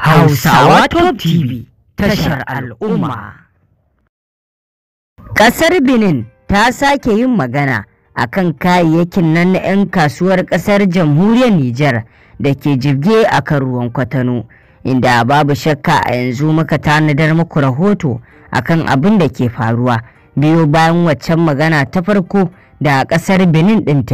Hausawa Top TV tashar al'umma. Ƙasar Benin ta sake yin magana a kan kayayyakin nan na 'yan kasuwar ƙasar jamhuriyar Nijar da ke jirge a kan ruwan kwatano, inda babu shakka a yanzu muka tanadar muku rahoto a kan abin da ke faruwa biyo bayan waccan magana ta farko da ƙasar Benin ɗin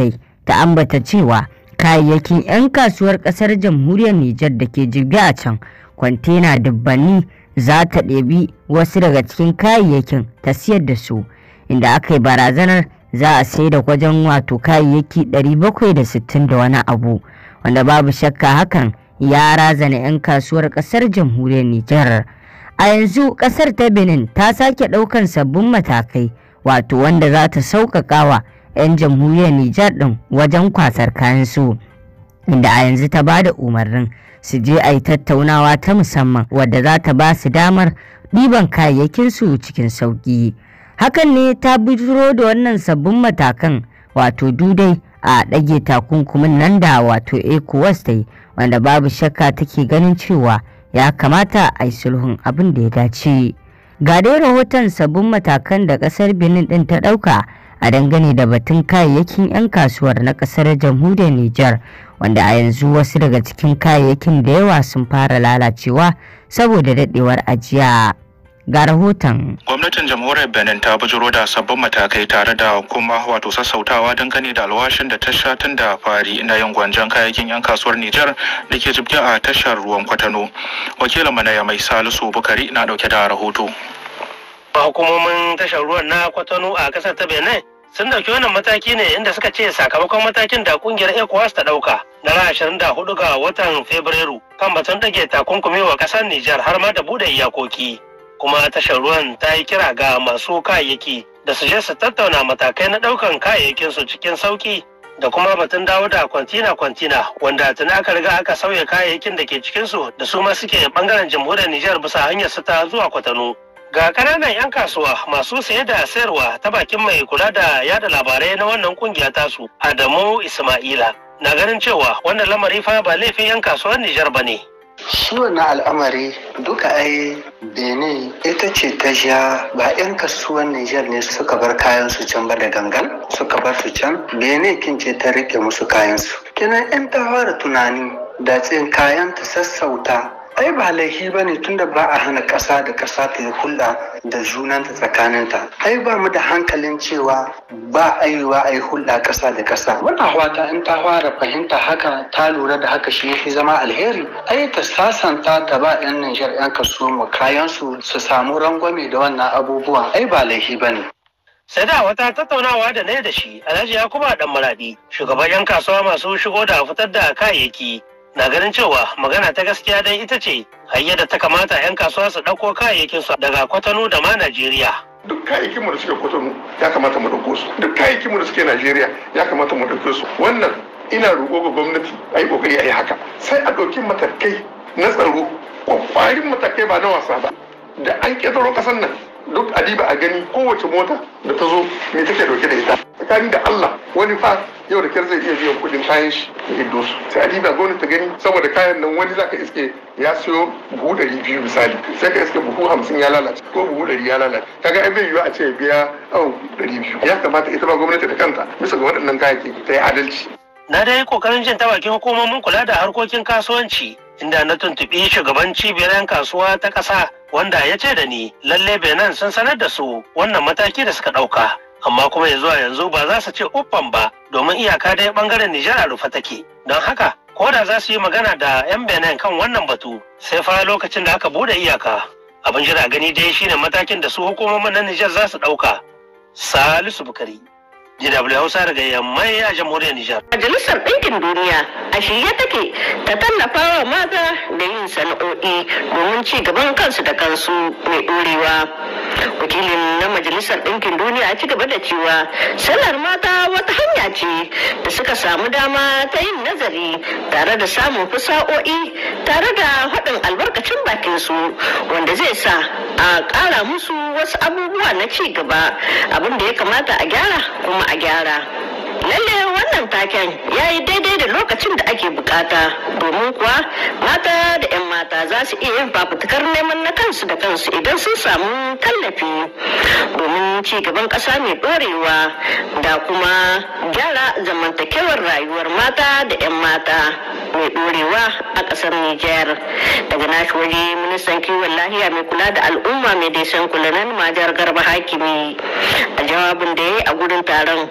ta ambata cewa. kayayyakin 'yan kasuwar kasar jamhuriyar Nijar da ke jirgi a can kwantena dubbanni za ta ɗebi wasu daga cikin kayayyakin ta siyar da su inda aka yi barazanar za a sai da wajen wato kayayyaki 760 da wani abu wanda babu shakka hakan ya razana 'yan kasuwar kasar jamhuriyar Nijar. A yanzu kasar ta Benin ta sake ɗaukan sabbin matakai wato wanda za ta sauƙaƙawa 'yan jamhuriyar Nijar ɗin wajen kwasar kayan su inda a yanzu ta bada umarnin su je a yi tattaunawa ta musamman wadda za ta ba su damar ɗiban kayayyakin su cikin sauƙi. Hakan ne ta bujuro da wannan sabbin matakan wato dudai a ɗage takunkumin nan da wato ECOWAS ta yi wanda babu shakka take ganin cewa ya kamata a yi sulhun abin da ya dace. Ga dai rahoton sabbin matakan da ƙasar Benin ɗin ta ɗauka a dangane da batun kayayyakin 'yan kasuwar na kasar jamhuriyar Nijar wanda a yanzu wasu daga cikin kayayyakin da yawa sun fara lalacewa saboda daɗewar ajiya. ga rahoton. Gwamnatin jamhuriyar Benin ta bujiro da sabbin matakai tare da kuma wato sassautawa dangane da alwashin da tasha tun da fari na yin gwanjan kayayyakin 'yan kasuwar Nijar da ke jibge a tashar ruwan Kwatano. Wakilin mana ya mai Salisu Bukari na dauke da rahoto. hukumomin tashar ruwan na kwatano a kasar ta benin sun dauki wannan mataki ne inda suka ce sakamakon matakin da kungiyar ecowas ta dauka na ashirin da hudu ga watan fabrairu kan batun dage takunkumi wa kasar nijar har ma da bude iyakoki kuma tashar ruwan ta yi kira ga masu kayayyaki da su je su tattauna matakai na daukan kayayyakinsu cikin sauki da kuma batun dawo da kwantina kwantina wanda tuni aka riga aka sauya kayayyakin da ke cikinsu da su ma suke bangaren jamhuriyar Nijar bisa hanyar su ta zuwa Kwatano. Ga ƙananan 'yan kasuwa masu saye da sayarwa ta bakin mai kula da yada labarai na wannan kungiya tasu Adamu Ismaila. Na ganin cewa wannan lamari fa ba laifin 'yan kasuwar Nijar ba ne. Shi wannan al'amari duka ai Benin ita ce ta sha ba 'yan kasuwar Nijar ne suka bar kayan su can ba da gangan suka bar su can Benin kin ce ta rike musu kayansu. su. 'yan ta fara tunani da tsin kayan ta sassauta ai ba laifi ba ne tunda ba a hana ƙasa da ƙasa ta yi hulɗa da junanta tsakaninta ai ba mu da hankalin cewa ba aiwa a yi hulɗa ƙasa da ƙasa wannan ta in ta fara fahimta haka ta lura da haka shi yafi zama alheri ai ta sasanta ta ba 'yan Nijar 'yan kaso mu kayan su su samu rangwame da wannan abubuwan ai ba laifi ba ne sai da wata tattaunawa da na da shi alhaji ya yakuba dan maraɗi, shugaban yan kasuwa masu shigo da fitar da kayayyaki na ganin cewa magana ta gaskiya dai ita ce hanyar da ta kamata 'yan kasuwa su ɗauko kayayyakin su daga kwatano da ma najeriya duk kayayyakin mu da suke kwatano ya kamata mu ɗauko su duk kayayyakin mu da suke najeriya ya kamata mu ɗauko su wannan ina roƙo ga gwamnati a yi ƙoƙari a yi haka sai a ɗauki matakai na tsaro kwakwarin matakai ba na wasa ba da an ƙetaro ƙasar nan duk adiba a gani kowace mota da ta zo me take ɗauke da ita tsakanin da allah wani fa yau da kyar zai iya biyan kudin kayan shi ya hiddo su sai a diba gwamnati ta gani saboda kayan nan wani zaka iske ya siyo buhu ɗari biyu misali sai ka iske buhu hamsin ya lalace ko buhu ɗari ya lalace kaga ai bai yiwu a ce biya awon ɗari biyu ya kamata ita ba gwamnati da kanta bisa ga waɗannan kayayyaki ta yi adalci. na dai kokarin jin tabakin hukumomin kula da harkokin kasuwanci inda na tuntuɓi shugaban cibiyar 'yan kasuwa ta ƙasa wanda ya ce da ni lalle benin sun sanar da su wannan mataki da suka ɗauka amma kuma ya zuwa yanzu ba za su ce uffan ba domin iyaka dai bangaren Nijar a rufe take. Don haka ko da za su yi magana da 'yan Benin kan wannan batu sai fara lokacin da aka bude iyaka. Abin jira gani dai shine matakin da su hukumomin na Nijar za su ɗauka. Salisu Bukari. DW Hausa daga yammai a jamhuriyar Nijar. Majalisar Ɗinkin Duniya a shirye take ta tallafa wa mata da yin sana'o'i domin ci gaban kansu da kansu mai ɗorewa. wakilin na majalisar ɗinkin duniya ci gaba da cewa sallar mata wata hanya ce da suka samu dama ta yin nazari tare da samun fasa'o'i tare da haɗin albarkacin bakinsu wanda zai sa a ƙara musu wasu abubuwa na ci gaba abin da ya kamata a gyara kuma a gyara. lalle wannan taken ya yi daidai da lokacin da ake bukata domin kuwa mata da 'yan mata za su iya yin fafutukar neman na kansu da kansu idan sun samu tallafi domin ci gaban ƙasa mai ɗorewa da kuma gyara zamantakewar rayuwar mata da 'yan mata mai ɗorewa a ƙasar Nijar. Daga nashi waje ministan kiwon lahiya mai kula da al'umma mai daisan kulanan Majar Garba Hakimi a jawabin da ya a gudun taron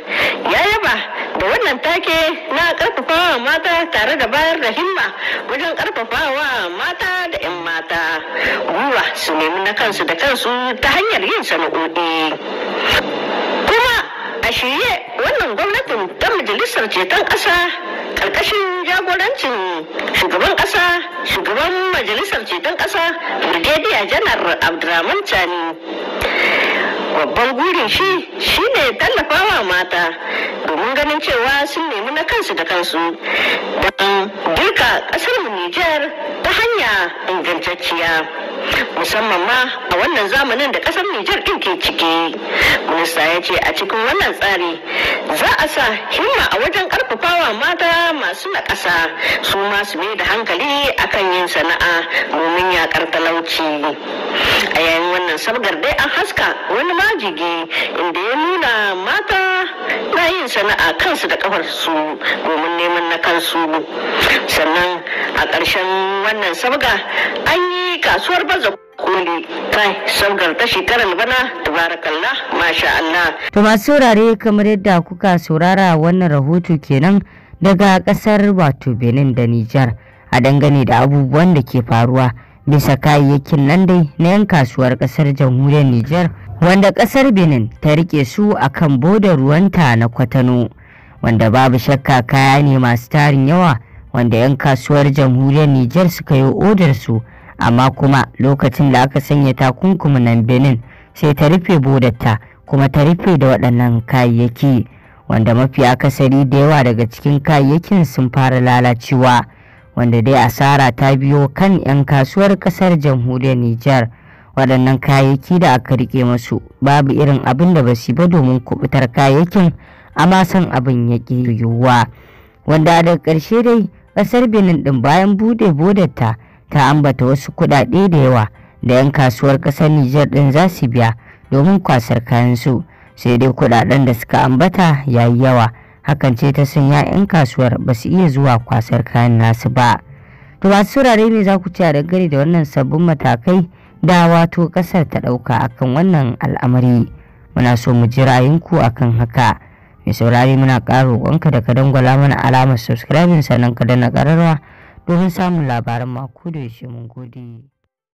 ya yaba da wannan take na karfafawa mata tare da bayar da himma wajen karfafawa mata da 'yan mata gwiwa su nemi na kansu da kansu ta hanyar yin sana'o'i. a shirye wannan gwamnatin ta majalisar ceton ƙasa ƙarƙashin jagorancin shugaban ƙasa shugaban majalisar ceton ƙasa brigadier janar abdulrahman chani babban gurin shi shine tallafawa mata domin ganin cewa sun nemi na kansu da kansu don ƙasar mu nijar ta hanya ingantacciya musamman ma a wannan zamanin da kasar Nijar din ke ciki. Minista ya ce a cikin wannan tsari za a sa himma a wajen karfafawa mata masu na ƙasa su masu mai da hankali akan yin sana'a domin yakar talauci. A yayin wannan sabgar dai an haska wani majigi inda ya nuna mata na yin sana'a kansu da su domin neman na kansu. Sannan a ƙarshen wannan sabga an yi kasuwar baza koli kai saukar ta shekarar bana tabarakallah masha Allah. To masu saurare kamar yadda kuka saurara wannan rahoto kenan daga kasar wato Benin da Nijar a dangane da abubuwan da ke faruwa bisa kayayyakin nan dai na 'yan kasuwar kasar jamhuriyar Nijar wanda kasar Benin ta rike su akan boda ruwanta na kwatano wanda babu shakka kaya ne masu tarin yawa wanda 'yan kasuwar jamhuriyar Nijar suka yi odar su. amma kuma lokacin da aka sanya takunkumi nan benin sai ta rufe bodarta kuma ta rufe da waɗannan kayayyaki wanda mafi akasari da yawa daga cikin kayayyakin sun fara lalacewa wanda dai asara ta biyo kan 'yan kasuwar kasar jamhuriyar nijar waɗannan kayayyaki da aka rike masu babu irin abin da basu ba domin kubutar kayayyakin amma san abin ya yiwuwa wanda daga ƙarshe dai ƙasar benin ɗin bayan bude bodarta ta ambata wasu kuɗaɗe da yawa da 'yan kasuwar ƙasar Nijar ɗin za su biya domin kwasar kayansu sai dai kuɗaɗen da suka ambata ya yi yawa hakan ce ta sanya 'yan kasuwar ba su iya zuwa kwasar kayan nasu ba. To masu saurare ne za ku ci a gari da wannan sabbin matakai da wato ƙasar ta ɗauka akan wannan al'amari. Muna so mu ji ra'ayinku akan haka. Mai saurari muna ƙara wanka da ka dangwala mana alamar subscribing sannan ka dana kararwa duhun samun labaran mako da yaushe mun gode.